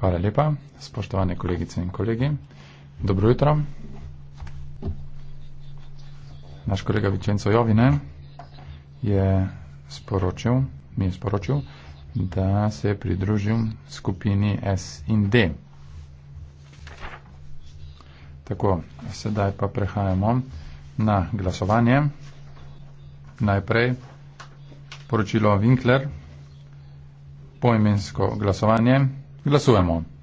Hvala lepa, spoštovane kolegice in kolegi. Dobro jutro. Naš kolega Vičenco Jovine je sporočil, mi je sporočil, da se je pridružil skupini S in D. Tako, sedaj pa prehajamo na glasovanje. Najprej poročilo Winkler poimensko glasovanje. Glasujemo.